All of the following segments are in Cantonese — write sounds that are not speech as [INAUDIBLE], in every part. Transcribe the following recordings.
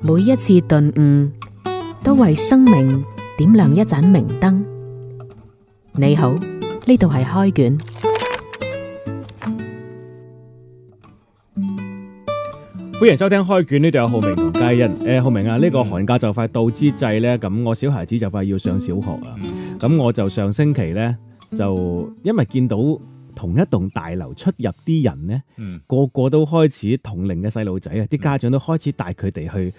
每一次頓悟，都為生命點亮一盞明燈。你好，呢度係開卷，歡迎收聽開卷。呢度有浩明同佳欣。誒、呃，浩明啊，呢、呢個寒假就快到之際呢，咁我小孩子就快要上小學啊，咁我就上星期呢，就因為見到。同一棟大樓出入啲人咧，嗯、個個都開始同齡嘅細路仔啊，啲家長都開始帶佢哋去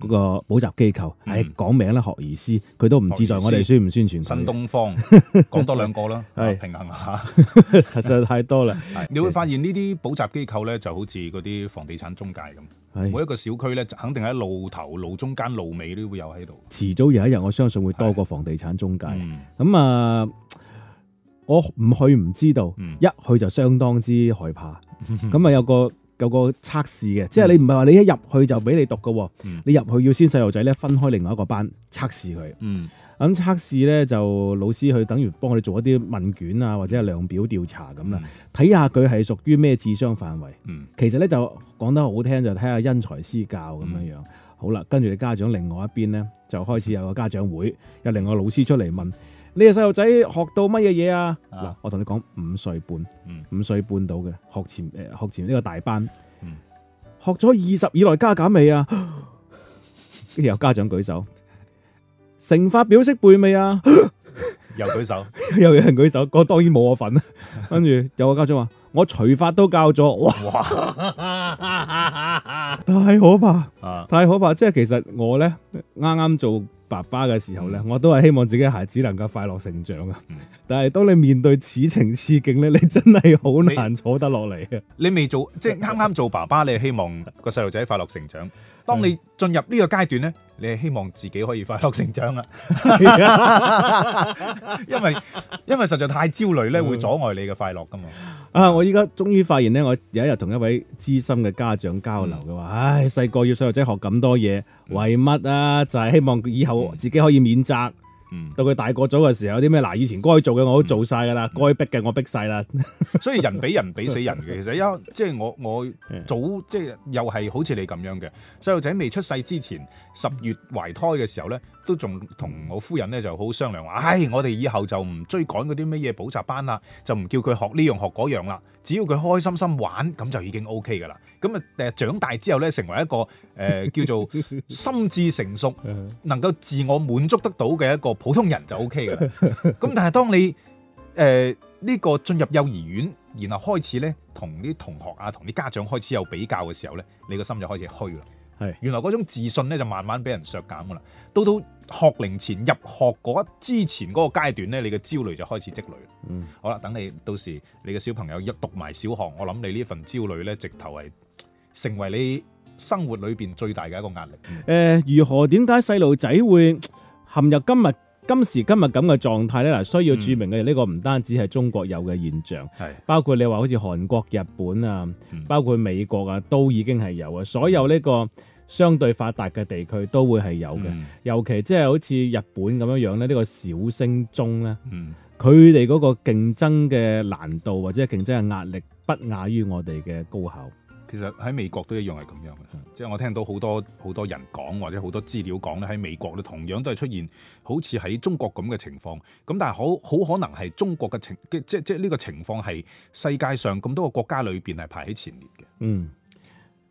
嗰個補習機構，誒講、嗯哎、名啦，學而思，佢都唔志在我哋宣唔宣傳新東方，講多兩個啦， [LAUGHS] 是平衡下， [LAUGHS] 實在太多啦。是是你會發現呢啲補習機構咧，就好似嗰啲房地產中介咁，是每一個小區咧，肯定喺路頭、路中間、路尾都會有喺度。遲早有一日，我相信會多過房地產中介。咁啊是～、嗯嗯我唔去唔知道，一去就相當之害怕。咁啊有個有個測試嘅，即係你唔係話你一入去就俾你讀噶，嗯、你入去要先細路仔咧分開另外一個班測試佢。咁測試咧就老師去等於幫我哋做一啲問卷啊或者係量表調查咁啦，睇、嗯、下佢係屬於咩智商範圍。嗯、其實咧就講得好聽就睇下因材施教咁樣樣。嗯嗯、好啦，跟住你家長另外一邊咧就開始有個家長會，有另外個老師出嚟問。你哋細路仔學到乜嘢嘢啊？嗱、啊，我同你講五歲半，嗯、五歲半到嘅學前誒，學前呢個大班，嗯、學咗二十以內加減未啊？跟住有家長舉手，乘法表識背未啊？啊又舉手， [LAUGHS] 又有人舉手，我當然冇我份啦。跟住 [LAUGHS] 有個家長話：我除法都教咗。哇，太哇 [LAUGHS] 可怕，啊、太可怕！即係其實我咧啱啱做。爸爸嘅時候呢，嗯、我都係希望自己孩子能夠快樂成長啊！嗯、但係當你面對此情此景呢，你真係好難坐得落嚟啊！你未做，即係啱啱做爸爸， [LAUGHS] 你係希望個細路仔快樂成長。當你進入呢個階段呢，你係希望自己可以快樂成長啦， [LAUGHS] 因為因為實在太焦慮咧，會阻礙你嘅快樂噶嘛。啊！我而家終於發現呢，我有一日同一位資深嘅家長交流嘅話、嗯，唉，細個要細路仔學咁多嘢為乜啊？就係、是、希望以後自己可以免責。到佢大個咗嘅時候，有啲咩？嗱，以前該做嘅我都做晒噶啦，該、嗯、逼嘅我逼晒啦。所以人比人比死人嘅， [LAUGHS] 其實因即係我我早即係、即係、又係好似你咁樣嘅，細路仔未出世之前，十月懷胎嘅時候咧。都仲同我夫人咧就好商量話，唉，我哋以後就唔追趕嗰啲乜嘢補習班啦，就唔叫佢學呢樣學嗰樣啦。只要佢開心心玩，咁就已經 OK 噶啦。咁啊誒，長大之後咧，成為一個誒、呃、叫做心智成熟， [LAUGHS] 能夠自我滿足得到嘅一個普通人就 OK 噶啦。咁但係當你誒呢、呃這個進入幼兒園，然後開始咧同啲同學啊、同啲家長開始有比較嘅時候咧，你個心就開始虛啦。係，是原來嗰種自信咧就慢慢俾人削減噶啦。到到學齡前入學嗰之前嗰個階段咧，你嘅焦慮就開始積累。嗯，好啦，等你到時你嘅小朋友一讀埋小學，我諗你呢份焦慮咧，直頭係成為你生活裏邊最大嘅一個壓力。誒、嗯呃，如何？點解細路仔會陷入今日？今時今日咁嘅狀態咧，嗱需要註明嘅呢個唔單止係中國有嘅現象，係是包括你話好似韓國、日本啊，嗯、包括美國啊，都已經係有啊。所有呢個相對發達嘅地區都會係有嘅，嗯、尤其即係好似日本咁樣樣咧，呢、這個小升中咧，佢哋嗰個競爭嘅難度或者競爭嘅壓力不亞於我哋嘅高考。其實喺美國都一樣係咁樣嘅，即係我聽到好多好多人講，或者好多資料講咧，喺美國咧同樣都係出現好似喺中國咁嘅情況，咁但係好好可能係中國嘅情，即即呢個情況係世界上咁多個國家裏邊係排喺前列嘅。嗯。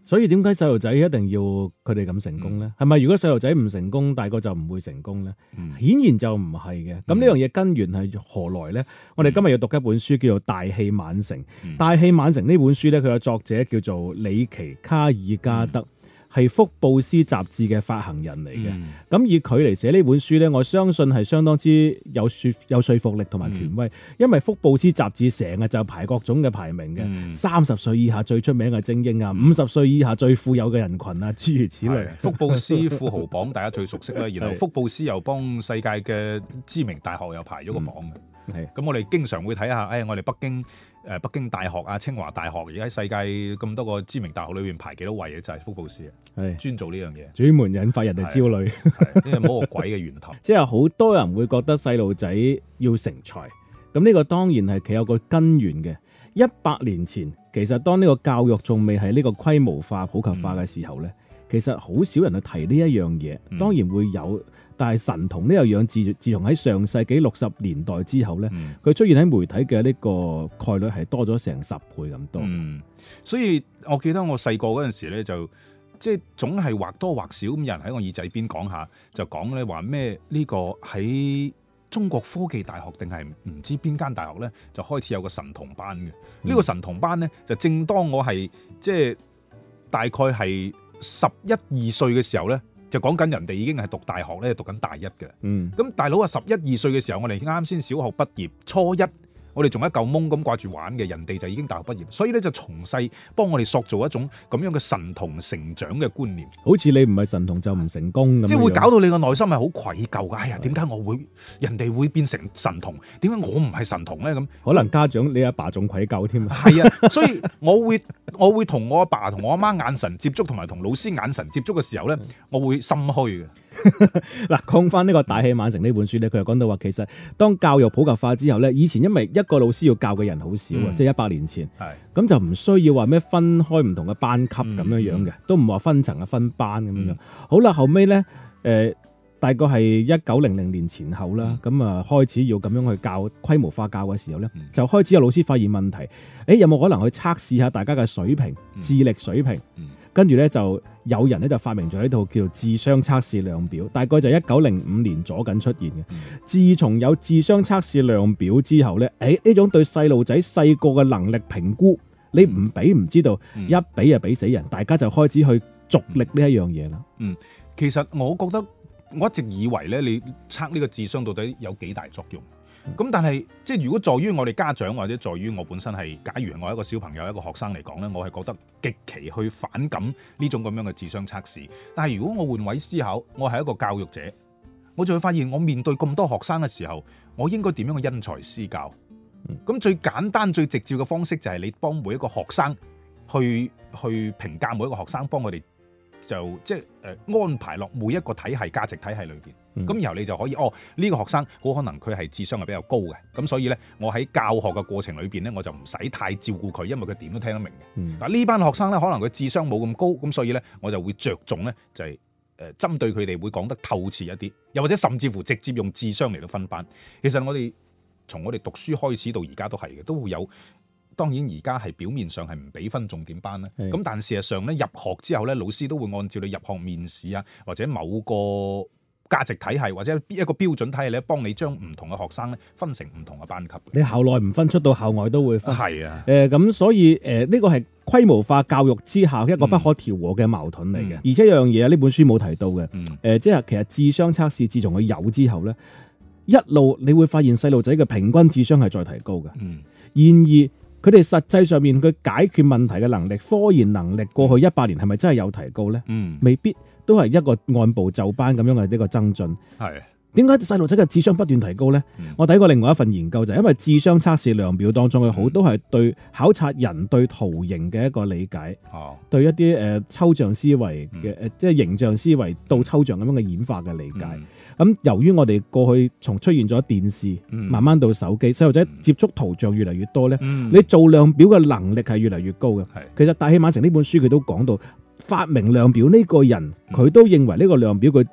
所以點解細路仔一定要佢哋咁成功呢？係咪、嗯、如果細路仔唔成功，大個就唔會成功呢？嗯、顯然就唔係嘅。咁呢樣嘢根源係何來呢？嗯、我哋今日要讀一本書叫做《大器晚成》。嗯、《大器晚成》呢本書呢，佢嘅作者叫做里奇·卡爾加德。嗯係福布斯雜誌嘅發行人嚟嘅，咁、嗯、以佢嚟寫呢本書呢，我相信係相當之有説有說服力同埋權威，嗯、因為福布斯雜誌成日就排各種嘅排名嘅，三十、嗯、歲以下最出名嘅精英啊，五十、嗯、歲以下最富有嘅人群啊，諸如此類。福布斯富豪榜大家最熟悉啦， [LAUGHS] 然後福布斯又幫世界嘅知名大學又排咗個榜嘅，咁、嗯、我哋經常會睇下，誒、哎、我哋北京。誒北京大學啊，清華大學，而家喺世界咁多個知名大學裏邊排幾多位嘅，就係、是、福布斯啊，係是專做呢樣嘢，專門引發人哋焦慮，即係冇個鬼嘅源頭。 [LAUGHS] 即係好多人會覺得細路仔要成才，咁呢個當然係佢有個根源嘅。一百年前，其實當呢個教育仲未係呢個規模化、普及化嘅時候咧。嗯其實好少人去提呢一樣嘢，當然會有，但係神童呢個樣自自從喺上世紀六十年代之後咧，佢、嗯、出現喺媒體嘅呢個概率係多咗成十倍咁多、嗯。所以我記得我細個嗰陣時咧，就即係總係或多或少咁人喺我耳仔邊講下，就講咧話咩呢、呢個喺中國科技大學定係唔知邊間大學咧，就開始有個神童班嘅。呢、嗯、個神童班咧，就正當我係即係大概係。十一二歲嘅時候呢，就講緊人哋已經係讀大學呢，讀緊大一嘅。嗯，咁大佬啊，十一二歲嘅時候，我哋啱先小學畢業，初一。我哋仲一嚿懵咁掛住玩嘅，人哋就已經大學畢業，所以咧就從細幫我哋塑造一種咁樣嘅神童成長嘅觀念。好似你唔係神童就唔成功咁。即係會搞到你個內心係好愧疚噶。係、哎、啊，點解我會？人哋會變成神童，點解我唔係神童咧？咁可能家長你阿爸仲愧疚添。係啊，所以我會我會同我阿爸同我阿媽眼神接觸，同埋同老師眼神接觸嘅時候咧，我會心虛嘅。嗱，講翻呢個《大器晚成》呢本書呢，佢又講到話，其實當教育普及化之後呢，以前因為一個老師要教嘅人好少啊，即係一百年前，咁是就唔需要話咩分開唔同嘅班級咁樣樣嘅，嗯嗯、都唔話分層啊分班咁樣。嗯、好啦，後尾呢，誒、呃，大概係一九零零年前後啦，咁啊、嗯、開始要咁樣去教，規模化教嘅時候呢，就開始有老師發現問題，誒、欸，有冇可能去測試下大家嘅水平、智力水平？嗯嗯跟住咧就有人咧就發明咗呢套叫做智商測試量表，大概就一九零五年左近出現嘅。自從有智商測試量表之後呢，誒、哎、呢種對細路仔細個嘅能力評估，你唔畀唔知道，嗯、一畀就畀死人。大家就開始去逐力呢一樣嘢啦。嗯，其實我覺得我一直以為呢，你測呢個智商到底有幾大作用？咁但係，即係如果在於我哋家長或者在於我本身係，假如我一個小朋友一個學生嚟講呢，我係覺得極其去反感呢種咁樣嘅智商測試。但係如果我換位思考，我係一個教育者，我就會發現我面對咁多學生嘅時候，我應該點樣去因材施教？咁、嗯、最簡單最直接嘅方式就係你幫每一個學生去去評價每一個學生，幫佢哋。就即係誒、呃、安排落每一個體系價值體系裏邊，咁、嗯、然後你就可以哦呢、呢個學生好可能佢係智商係比較高嘅，咁所以咧我喺教學嘅過程裏邊咧我就唔使太照顧佢，因為佢點都聽得明嘅。嗱呢、嗯、班學生咧可能佢智商冇咁高，咁所以咧我就會着重咧就係誒針對佢哋會講得透徹一啲，又或者甚至乎直接用智商嚟到分班。其實我哋從我哋讀書開始到而家都係嘅，都會有。當然，而家係表面上係唔俾分重點班啦。咁是的 但事實上咧，入學之後咧，老師都會按照你入學面試啊，或者某個價值體系，或者一一個標準體系，睇下你幫你將唔同嘅學生咧分成唔同嘅班級。你校內唔分出，出到校外都會分。係啊是的、呃，誒咁所以誒呢個係規模化教育之下一個不可調和嘅矛盾嚟嘅。嗯、而且有樣嘢啊，呢本書冇提到嘅誒、嗯呃，即係其實智商測試自從佢有之後咧，一路你會發現細路仔嘅平均智商係再提高嘅。嗯，然而。佢哋實際上面佢解決問題嘅能力、科研能力，過去一百年係咪真係有提高呢？嗯，未必都係一個按部就班咁樣嘅一個增進，係。點解細路仔嘅智商不斷提高呢？嗯、我睇過另外一份研究就係因為智商測試量表當中佢好多係對考察人對圖形嘅一個理解，哦、對一啲誒、呃、抽象思維嘅、嗯呃、即係形象思維到抽象咁樣嘅演化嘅理解。咁、嗯嗯、由於我哋過去從出現咗電視，嗯、慢慢到手機，細路仔接觸圖像越嚟越多呢，嗯、你做量表嘅能力係越嚟越高嘅。是其實大器晚成呢本書佢都講到發明量表呢個人，佢、嗯嗯、都認為呢個量表佢。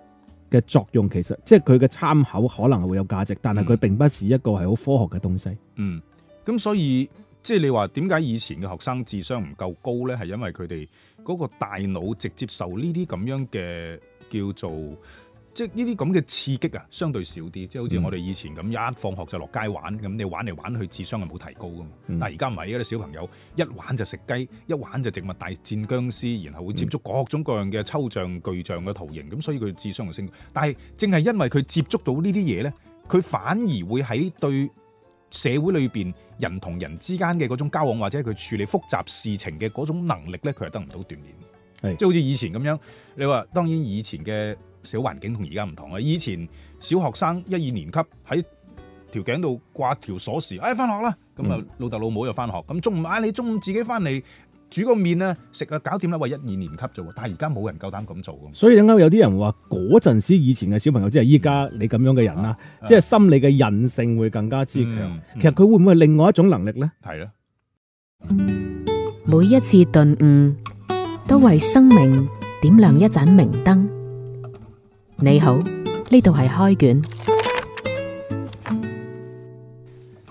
嘅作用其實即係佢嘅參考可能係會有價值，但係佢並不是一個係好科學嘅東西。嗯，咁所以即係你話點解以前嘅學生智商唔夠高呢？係因為佢哋嗰個大腦直接受呢啲咁樣嘅叫做。即係呢啲咁嘅刺激啊，相對少啲。即係好似我哋以前咁，一放學就落街玩咁，你玩嚟玩去，智商係冇提高噶嘛。嗯、但係而家唔係，而家啲小朋友一玩就食雞，一玩就植物大戰僵屍，然後會接觸各種各樣嘅抽象、具象嘅圖形，咁所以佢智商就升高。但係正係因為佢接觸到呢啲嘢咧，佢反而會喺對社會裏邊人同人之間嘅嗰種交往，或者佢處理複雜事情嘅嗰種能力咧，佢係得唔到鍛鍊，是即係好似以前咁樣。你話當然以前嘅。小環境同而家唔同啊！以前小學生一二年級喺條頸度掛條鎖匙，哎，翻學啦！咁啊，老豆老母又翻學。咁中午嗌你中午自己翻嚟煮個麵啊，食啊，搞掂啦！喂，一二年級啫喎，但係而家冇人夠膽咁做。所以點解有啲人話，嗰陣時以前嘅小朋友，嗯、即係依家你咁樣嘅人啦，即係心理嘅韌性會更加之強。嗯、其實佢會唔會係另外一種能力呢？係咯，每一次頓悟都為生命點亮一盞明燈。你好，呢度係開卷《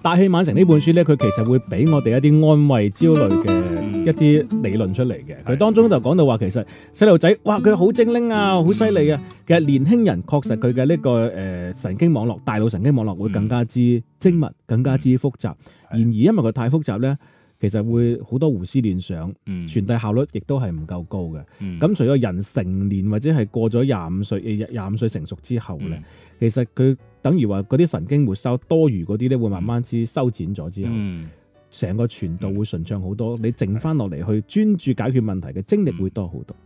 大器晚成》呢本書呢，佢其實會俾我哋一啲安慰焦慮嘅一啲理論出嚟嘅。佢當中就講到話，其實細路仔，哇，佢好精靈啊，好犀利啊。其實年輕人確實佢嘅呢個誒神經網絡、大腦神經網絡會更加之精密、更加之複雜。的然而，因為佢太複雜呢。其實會好多胡思亂想，傳遞、嗯、效率亦都係唔夠高嘅。咁、嗯、除咗人成年或者係過咗廿五歲，廿五歲成熟之後咧，嗯、其實佢等於話嗰啲神經末梢多餘嗰啲咧，會慢慢之修剪咗之後，成、嗯、個傳導會順暢好多。嗯、你剩返落嚟去專注解決問題嘅精力會多好多。嗯嗯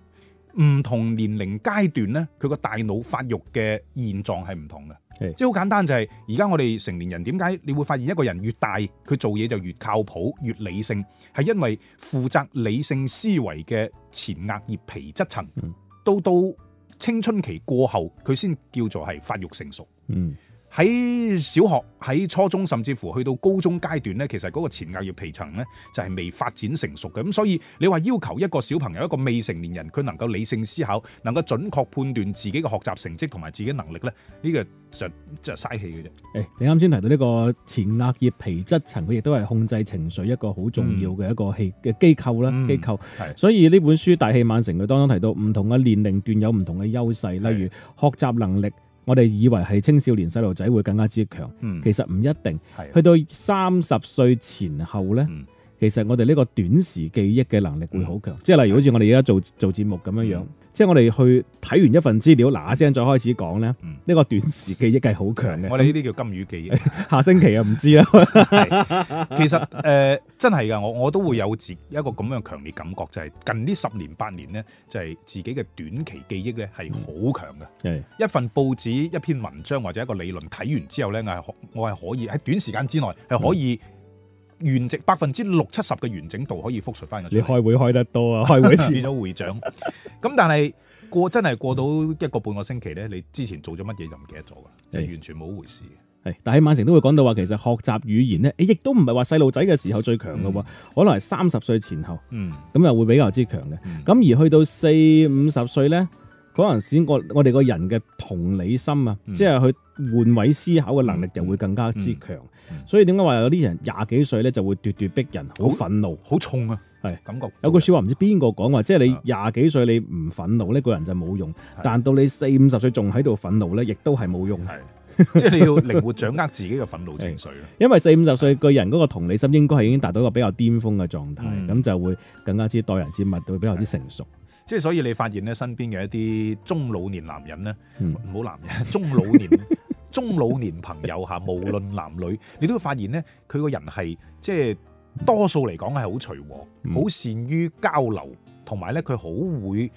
唔同年齡階段咧，佢個大腦發育嘅現狀係唔同嘅。即係好簡單就係而家我哋成年人，點解你會發現一個人越大佢做嘢就越靠譜越理性？係因為負責理性思維嘅前額葉皮質層，到到青春期過後佢先叫做係發育成熟。嗯喺小學、喺初中，甚至乎去到高中階段呢，其實嗰個前額葉皮層呢，就係、是、未發展成熟嘅，咁所以你話要求一個小朋友、一個未成年人，佢能夠理性思考、能夠準確判斷自己嘅學習成績同埋自己能力呢，呢、這個就係嘥氣嘅啫。誒、哎，你啱先提到呢個前額葉皮質層，佢亦都係控制情緒一個好重要嘅一個器嘅機構啦，機構，所以呢本書大戲晚成》佢當中提到唔同嘅年齡段有唔同嘅優勢，例如學習能力。我哋以為係青少年細路仔會更加之強，嗯、其實唔一定。係。去到三十歲前後咧。嗯其實我哋呢個短時記憶嘅能力會好強，即係、嗯、例如好似我哋而家做、嗯、做節目咁樣樣，嗯、即係我哋去睇完一份資料嗱嗱聲再開始講咧，呢、嗯、個短時記憶係好強嘅、嗯。我哋呢啲叫金魚記憶。 [LAUGHS] 下星期啊，唔知啦。其實誒、呃，真係噶，我我都會有自一個咁樣強烈感覺，就係、是、近呢十年八年呢，就係、是、自己嘅短期記憶咧係好強嘅。嗯、一份報紙一篇文章或者一個理論睇完之後呢，我係我係可以喺短時間之內係可以。嗯嗯原值百分之六七十嘅完整度可以復述翻。你開會開得多啊，開會變咗會長。咁 [LAUGHS] [LAUGHS] 但係過真係過到一個半個星期咧，嗯、你之前做咗乜嘢就唔記得咗啦，就、嗯、完全冇回事。係，但係大器晚成都會講到話，其實學習語言咧，亦都唔係話細路仔嘅時候最強嘅喎，嗯、可能係三十歲前後，咁、嗯、又會比較之強嘅。咁、嗯、而去到四五十歲咧。嗰陣時，我我哋個人嘅同理心啊，即係去換位思考嘅能力就會更加之強。所以點解話有啲人廿幾歲咧就會咄咄逼人，好憤怒，好重啊。係感覺有句説話唔知邊個講話，即係你廿幾歲你唔憤怒，呢個人就冇用。但到你四五十歲仲喺度憤怒咧，亦都係冇用。係即係你要靈活掌握自己嘅憤怒情緒，因為四五十歲嘅人嗰個同理心應該係已經達到一個比較巔峰嘅狀態，咁就會更加之待人接物，會比較之成熟。即係所以你發現咧，身邊嘅一啲中老年男人咧，唔好、嗯、男人，中老年 [LAUGHS] 中老年朋友吓，無論男女，你都會發現咧，佢個人係即係多數嚟講係好隨和，好、嗯、善於交流，同埋咧佢好會，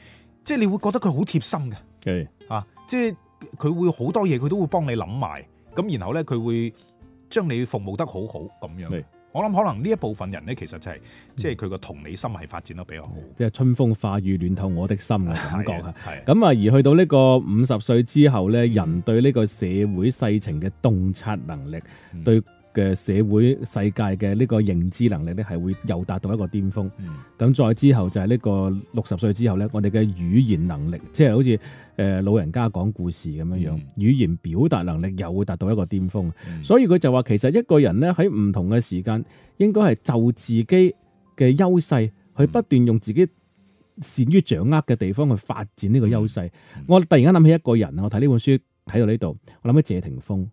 即、就、係、是、你會覺得佢好貼心嘅，的啊，即係佢會好多嘢佢都會幫你諗埋，咁然後咧佢會將你服務得好好咁樣。我諗可能呢一部分人咧，其實就係即係佢個同理心係發展得比較好，嗯、即係春風化雨暖透我的心嘅感覺啊。咁啊，而去到呢個五十歲之後咧，人對呢個社會世情嘅洞察能力，嗯、對。嘅社會世界嘅呢個認知能力咧，係會又達到一個巔峰。咁、嗯、再之後就係呢個六十歲之後咧，我哋嘅語言能力，即係好似誒、呃、老人家講故事咁樣樣，嗯、語言表達能力又會達到一個巔峰。嗯、所以佢就話，其實一個人咧，喺唔同嘅時間，應該係就自己嘅優勢，去不斷用自己善於掌握嘅地方去發展呢個優勢。嗯嗯、我突然間諗起一個人，我睇呢本書睇到呢度，我諗起謝霆鋒，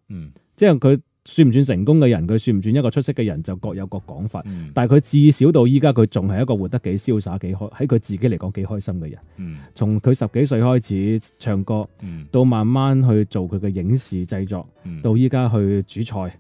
即係佢。算唔算成功嘅人？佢算唔算一個出色嘅人？就各有各講法。嗯、但係佢至少到依家，佢仲係一個活得幾瀟灑、幾開，喺佢自己嚟講幾開心嘅人。從佢、嗯、十幾歲開始唱歌，嗯、到慢慢去做佢嘅影視製作，嗯、到依家去煮菜，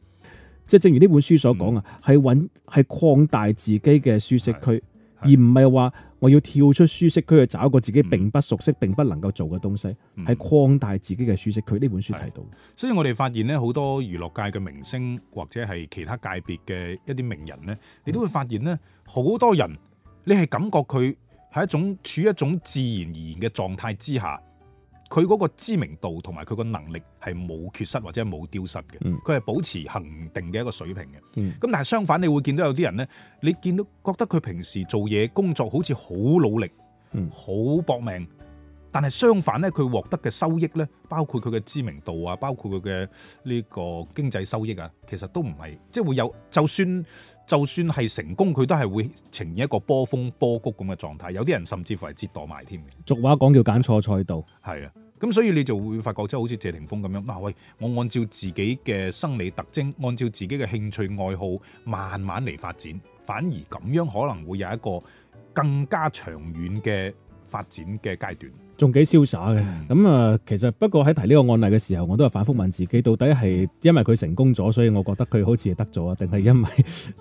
即係正如呢本書所講啊，係揾係擴大自己嘅舒適區，而唔係話。我要跳出舒適區去找一個自己並不熟悉，嗯、並不能夠做嘅東西，係擴、嗯、大自己嘅舒適區。呢本書提到，所以我哋發現咧，好多娛樂界嘅明星或者係其他界別嘅一啲名人咧，你都會發現咧，好多人你係感覺佢係一種處於一種自然而然嘅狀態之下。佢嗰個知名度同埋佢個能力係冇缺失或者冇丟失嘅，佢係保持恒定嘅一個水平嘅。咁、嗯嗯、但係相反，你會見到有啲人呢，你見到覺得佢平時做嘢工作好似好努力、好搏、嗯、命，但係相反呢，佢獲得嘅收益呢，包括佢嘅知名度啊，包括佢嘅呢個經濟收益啊，其實都唔係即係會有，就算就算係成功，佢都係會呈現一個波峰波谷咁嘅狀態。有啲人甚至乎係折墮埋添嘅。俗話講叫揀錯賽道，係啊。咁所以你就會發覺，即係好似謝霆鋒咁樣，嗱、啊、喂，我按照自己嘅生理特徵，按照自己嘅興趣愛好，慢慢嚟發展，反而咁樣可能會有一個更加長遠嘅發展嘅階段，仲幾瀟灑嘅。咁啊，其實不過喺提呢個案例嘅時候，我都係反覆問自己，到底係因為佢成功咗，所以我覺得佢好似係得咗啊？定係因為，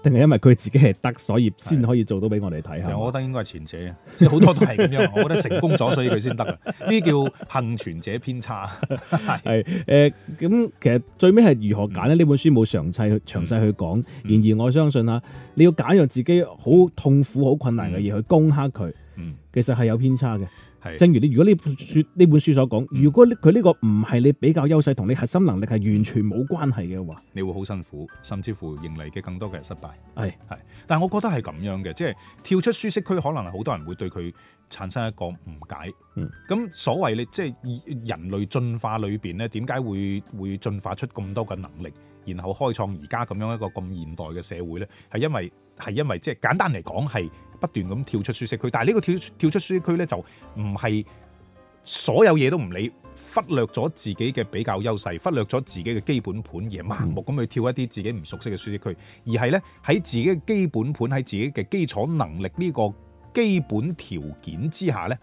定係因為佢自己係得，所以先可以做到俾我哋睇吓。我覺得應該係前者，好多都係咁樣。我覺得成功咗，所以佢先得啊。呢叫幸存者偏差。係誒，咁其實最尾係如何揀呢？呢本書冇詳細去詳細去講。然而我相信啊，你要揀讓自己好痛苦、好困難嘅嘢去攻克佢。嗯、其實係有偏差嘅，是正如你如果呢本，本書所講，嗯、如果佢呢個唔係你比較優勢同你核心能力係完全冇關係嘅話，你會好辛苦，甚至乎迎嚟嘅更多嘅係失敗。係係是，但係我覺得係咁樣嘅，即係跳出舒適區，可能係好多人會對佢產生一個誤解。咁、嗯、所謂你即係人類進化裏邊呢，點解會會進化出咁多嘅能力，然後開創而家咁樣一個咁現代嘅社會呢？係因為係因為即係簡單嚟講係。不斷咁跳出舒適區，但係呢個跳跳出舒適區呢，就唔係所有嘢都唔理，忽略咗自己嘅比較優勢，忽略咗自己嘅基本盤，而盲目咁去跳一啲自己唔熟悉嘅舒適區，而係呢，喺自己嘅基本盤，喺自己嘅基礎能力呢個基本條件之下呢。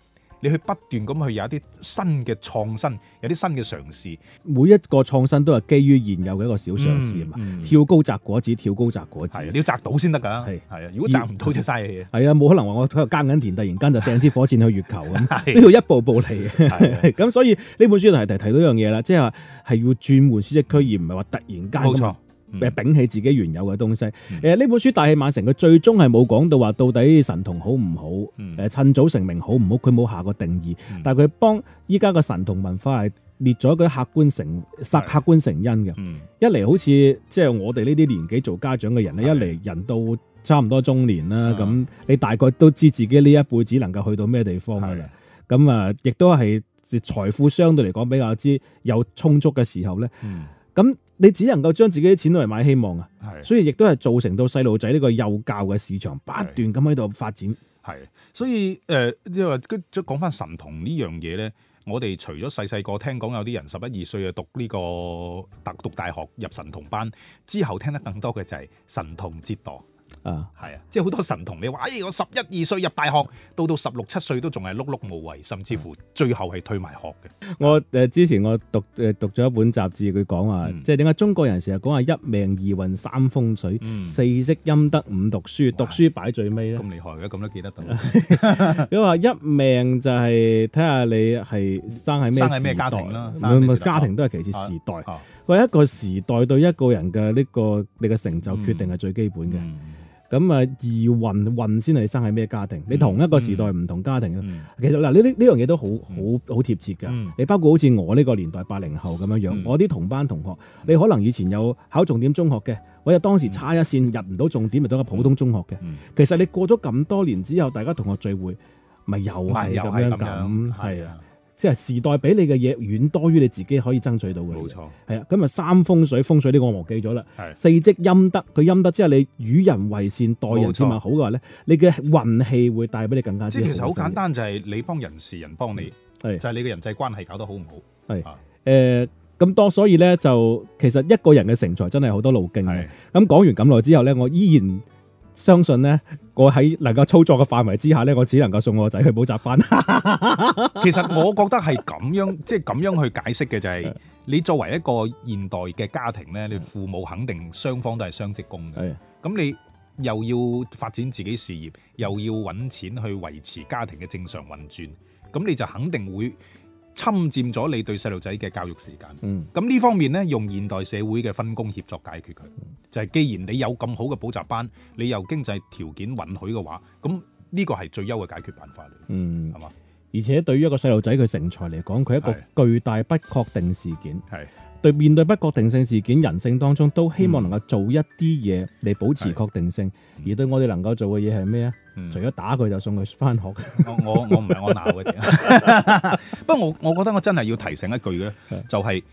你去不斷咁去有一啲新嘅創新，有啲新嘅嘗試。每一個創新都係基於現有嘅一個小嘗試啊嘛。跳高摘果子，跳高摘果子，你要摘到先得噶。係，係啊。如果摘唔到，就嘥氣。係啊，冇可能話我喺度耕緊田突然間就掟支火箭去月球咁。都要一步步嚟。咁所以呢本書嚟提提到一樣嘢啦，即係話係要轉換舒適區，而唔係話突然間。冇錯。誒，摒棄自己原有嘅東西。誒，呢本書《大器晚成》，佢最終係冇講到話到底神童好唔好，誒趁早成名好唔好，佢冇下個定義。但係佢幫依家嘅神童文化系列咗嗰啲客觀成、客觀成因嘅。一嚟好似即係我哋呢啲年紀做家長嘅人咧，一嚟人到差唔多中年啦，咁你大概都知自己呢一輩子能夠去到咩地方噶啦。咁啊，亦都係財富相對嚟講比較之有充足嘅時候咧。咁你只能夠將自己啲錢都嚟，買希望啊係，所以亦都係造成到細路仔呢個幼教嘅市場不斷咁喺度發展。係、呃，所以誒，因為即係講翻神童呢樣嘢咧，我哋除咗細細個聽講有啲人十一二歲就讀呢個，特讀大學入神童班之後，聽得更多嘅就係神童折墮。啊，係啊，即係好多神童，你話，哎，我十一二歲入大學，到到十六七歲都仲係碌碌無為，甚至乎最後係退埋學嘅。我誒之前我讀誒讀咗一本雜誌，佢講話，即係點解中國人成日講話一命二運三風水，四積陰德五讀書，讀書擺最尾咧。咁厲害嘅，咁都記得到。因為一命就係睇下你係生喺咩生喺咩家庭啦，家庭都係其次時代。一個時代對一個人嘅呢個你嘅成就決定係最基本嘅，咁啊，二運運先係你生喺咩家庭？你同一個時代唔同家庭嘅，其實嗱呢啲呢樣嘢都好好好貼切嘅。你包括好似我呢個年代八零後咁樣樣，我啲同班同學，你可能以前有考重點中學嘅，或者當時差一線入唔到重點，咪讀個普通中學嘅。其實你過咗咁多年之後，大家同學聚會，咪又係咁樣樣，係啊。即係時代俾你嘅嘢遠多於你自己可以爭取到嘅冇錯，係啊，咁啊三風水，風水呢個我忘記咗啦。係的四積陰德，佢陰德即係你與人為善，待人之物好嘅話咧，錯你嘅運氣會帶俾你更加之。即其實好簡單，就係、是、你幫人時，人幫你，係、嗯、的就係你嘅人際關係搞得好唔好？係誒，咁、呃、多所以咧，就其實一個人嘅成才真係好多路徑嘅。咁講的完咁耐之後咧，我依然相信咧。我喺能夠操作嘅範圍之下呢，我只能夠送我仔去補習班。 [LAUGHS] 其實我覺得係咁樣，即係咁樣去解釋嘅就係、係，的你作為一個現代嘅家庭呢，你父母肯定雙方都係雙職工嘅。係的，咁你又要發展自己事業，又要揾錢去維持家庭嘅正常運轉，咁你就肯定會。侵占咗你對細路仔嘅教育時間。嗯，咁呢方面呢，用現代社會嘅分工協作解決佢，嗯、就係既然你有咁好嘅補習班，你又經濟條件允許嘅話，咁、這、呢個係最優嘅解決辦法嚟。嗯，係嘛吧。而且對於一個細路仔佢成才嚟講，佢係一個巨大不確定事件。係是。對面對不確定性事件，人性當中都希望能夠做一啲嘢嚟保持確定性。是嗯、而對我哋能夠做嘅嘢係咩啊？嗯、除咗打佢就送佢返學，我，我我唔係我鬧嘅，啫， [LAUGHS] 不過我我覺得我真係要提醒一句嘅，的就係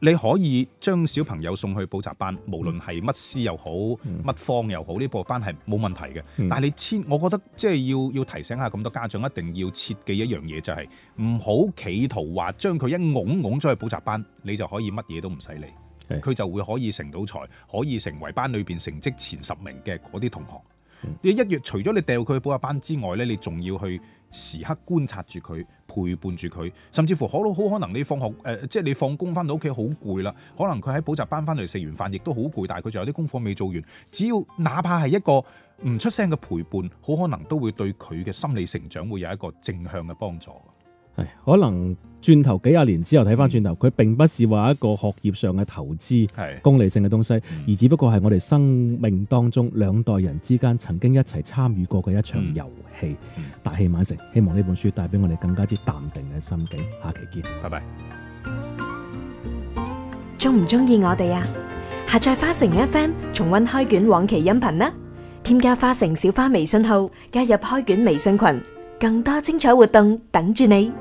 你可以將小朋友送去補習班，無論係乜師又好，乜、嗯、方又好，呢、這個班係冇問題嘅。嗯、但係你千，我覺得即係要要提醒下咁多家長，一定要設計一樣嘢，就係唔好企圖話將佢一㧬㧬咗去補習班，你就可以乜嘢都唔使理，佢的就會可以成到才，可以成為班裏邊成績前十名嘅嗰啲同學。你一月除咗你掉佢去補習班之外咧，你仲要去時刻觀察住佢，陪伴住佢，甚至乎好都好可能你放學誒，即係你放工翻到屋企好攰啦，可能佢喺補習班翻嚟食完飯，亦都好攰，但係佢仲有啲功課未做完，只要哪怕係一個唔出聲嘅陪伴，好可能都會對佢嘅心理成長會有一個正向嘅幫助。可能轉頭幾廿年之後睇翻轉頭，佢、嗯、並不是話一個學業上嘅投資，係功利性嘅東西，嗯、而只不過係我哋生命當中兩代人之間曾經一齊參與過嘅一場遊戲，大器、嗯、晚成。希望呢本書帶俾我哋更加之淡定嘅心境。下期見，拜拜。中唔中意我哋啊？下載花城 FM 重溫開卷往期音頻啦！添加花城小花微信號，加入開卷微信群。更多精彩活動等住你。